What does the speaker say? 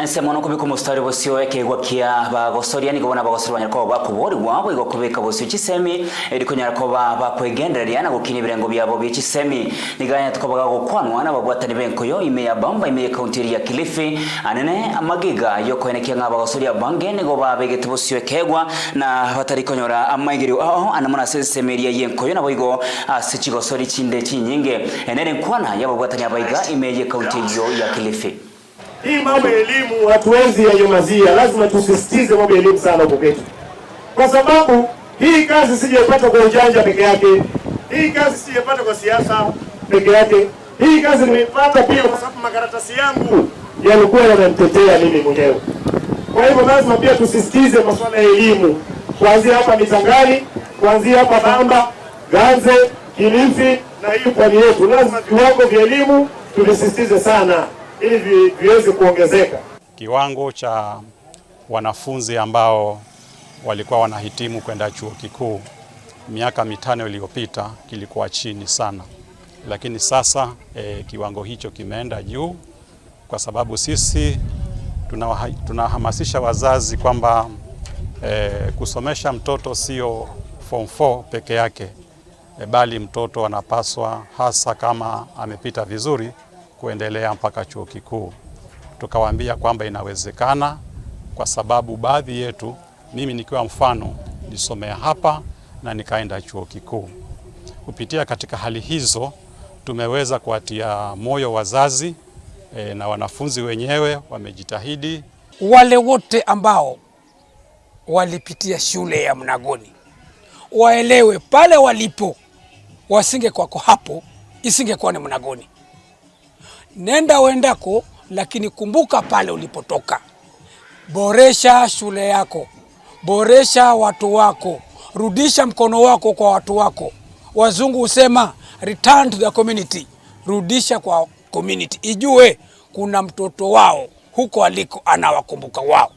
ense mono kubika omusitari bosio ekegwakia bagosoriani gobona abagosori banyara koba bakoborwa abo igo kubeka bosio chisemi erikonyara koba bakwegendereria na gokina ebirengo byabo bya chisemi niganya tukobaga gokwanwa nababwatani benkoyo ime ya bamba ime ya kaunti ya kilifi anene amagiga yokoenekia ng'a abagosori abange nigo babegete bosio ekegwa na batarikonyora amaigerio ao anamona ase ensemo eria yenkoyo nabo igo ase chigosori chinde chinyinge enere nkwana yababwatani abaiga ime ya kaunti eyo ya kilifi hii mambo ya elimu hatuwezi yanyamazia, lazima tusisitize mambo ya elimu sana huko kwetu, kwa sababu hii kazi sijaipata kwa ujanja peke yake, hii kazi sijaipata kwa siasa peke yake, hii kazi nimeipata pia kwa sababu makaratasi yangu yalikuwa yanamtetea mimi mwenyewe. Kwa hivyo lazima pia tusisitize masuala ya elimu kuanzia hapa Mitangani, kuanzia hapa Bamba, Ganze, Kilifi na hii pwani yetu, lazima viwango vya elimu tuvisisitize sana ili viweze kuongezeka. Kiwango cha wanafunzi ambao walikuwa wanahitimu kwenda chuo kikuu miaka mitano iliyopita kilikuwa chini sana, lakini sasa e, kiwango hicho kimeenda juu kwa sababu sisi tunahamasisha tuna wazazi kwamba e, kusomesha mtoto sio form 4 peke yake e, bali mtoto anapaswa hasa kama amepita vizuri kuendelea mpaka chuo kikuu. Tukawaambia kwamba inawezekana, kwa sababu baadhi yetu, mimi nikiwa mfano, nisomea hapa na nikaenda chuo kikuu. Kupitia katika hali hizo, tumeweza kuwatia moyo wazazi e, na wanafunzi wenyewe wamejitahidi. Wale wote ambao walipitia shule ya Mnagoni waelewe pale walipo, wasingekuwako hapo, isingekuwa ni Mnagoni nenda uendako, lakini kumbuka pale ulipotoka. Boresha shule yako, boresha watu wako, rudisha mkono wako kwa watu wako. Wazungu husema return to the community, rudisha kwa community, ijue kuna mtoto wao huko aliko anawakumbuka wao.